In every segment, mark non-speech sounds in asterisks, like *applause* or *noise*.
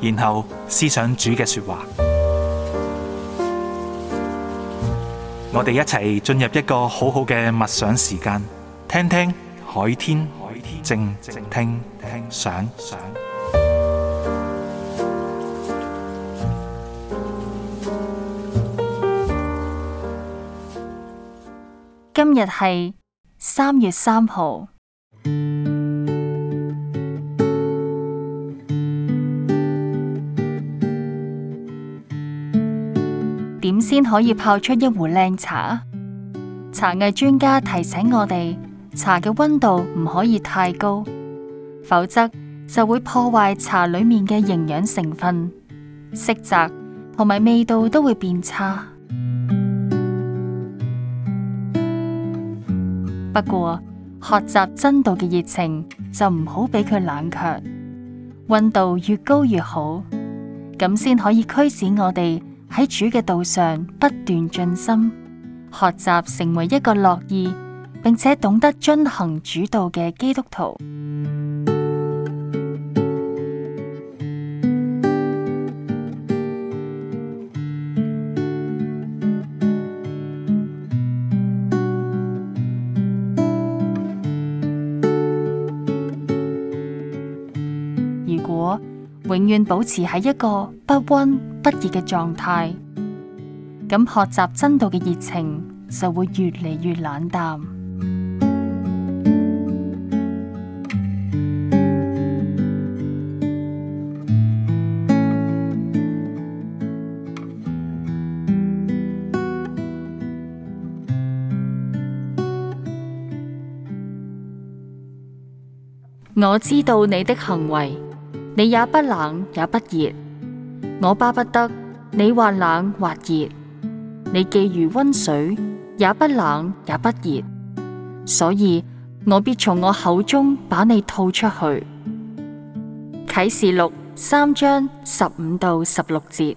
然後思想主嘅說話，我哋一齊進入一個好好嘅默想時間，聽聽海天靜聽想。今日係三月三號。點先可以泡出一壺靚茶？茶藝專家提醒我哋，茶嘅溫度唔可以太高，否則就會破壞茶裏面嘅營養成分，色澤同埋味道都會變差。 *music* 不過學習真道嘅熱情就唔好俾佢冷卻，溫度越高越好，咁先可以驅使我哋。喺主嘅道上不斷進深，學習成為一個樂意，並且懂得遵行主道嘅基督徒。永遠保持喺一個不温不熱嘅狀態，咁學習真道嘅熱情就會越嚟越冷淡。我知道你的行為。你也不冷也不熱，我巴不得你或冷或熱。你既如溫水，也不冷也不熱，所以我必從我口中把你吐出去。啟示錄三章十五到十六節。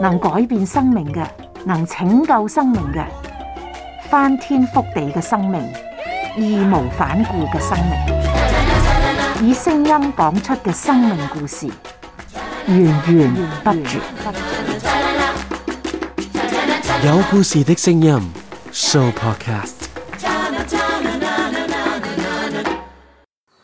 能改變生命嘅，能拯救生命嘅，翻天覆地嘅生命，義無反顧嘅生命，以聲音講出嘅生命故事，源源不絕。有故事的聲音，Show Podcast。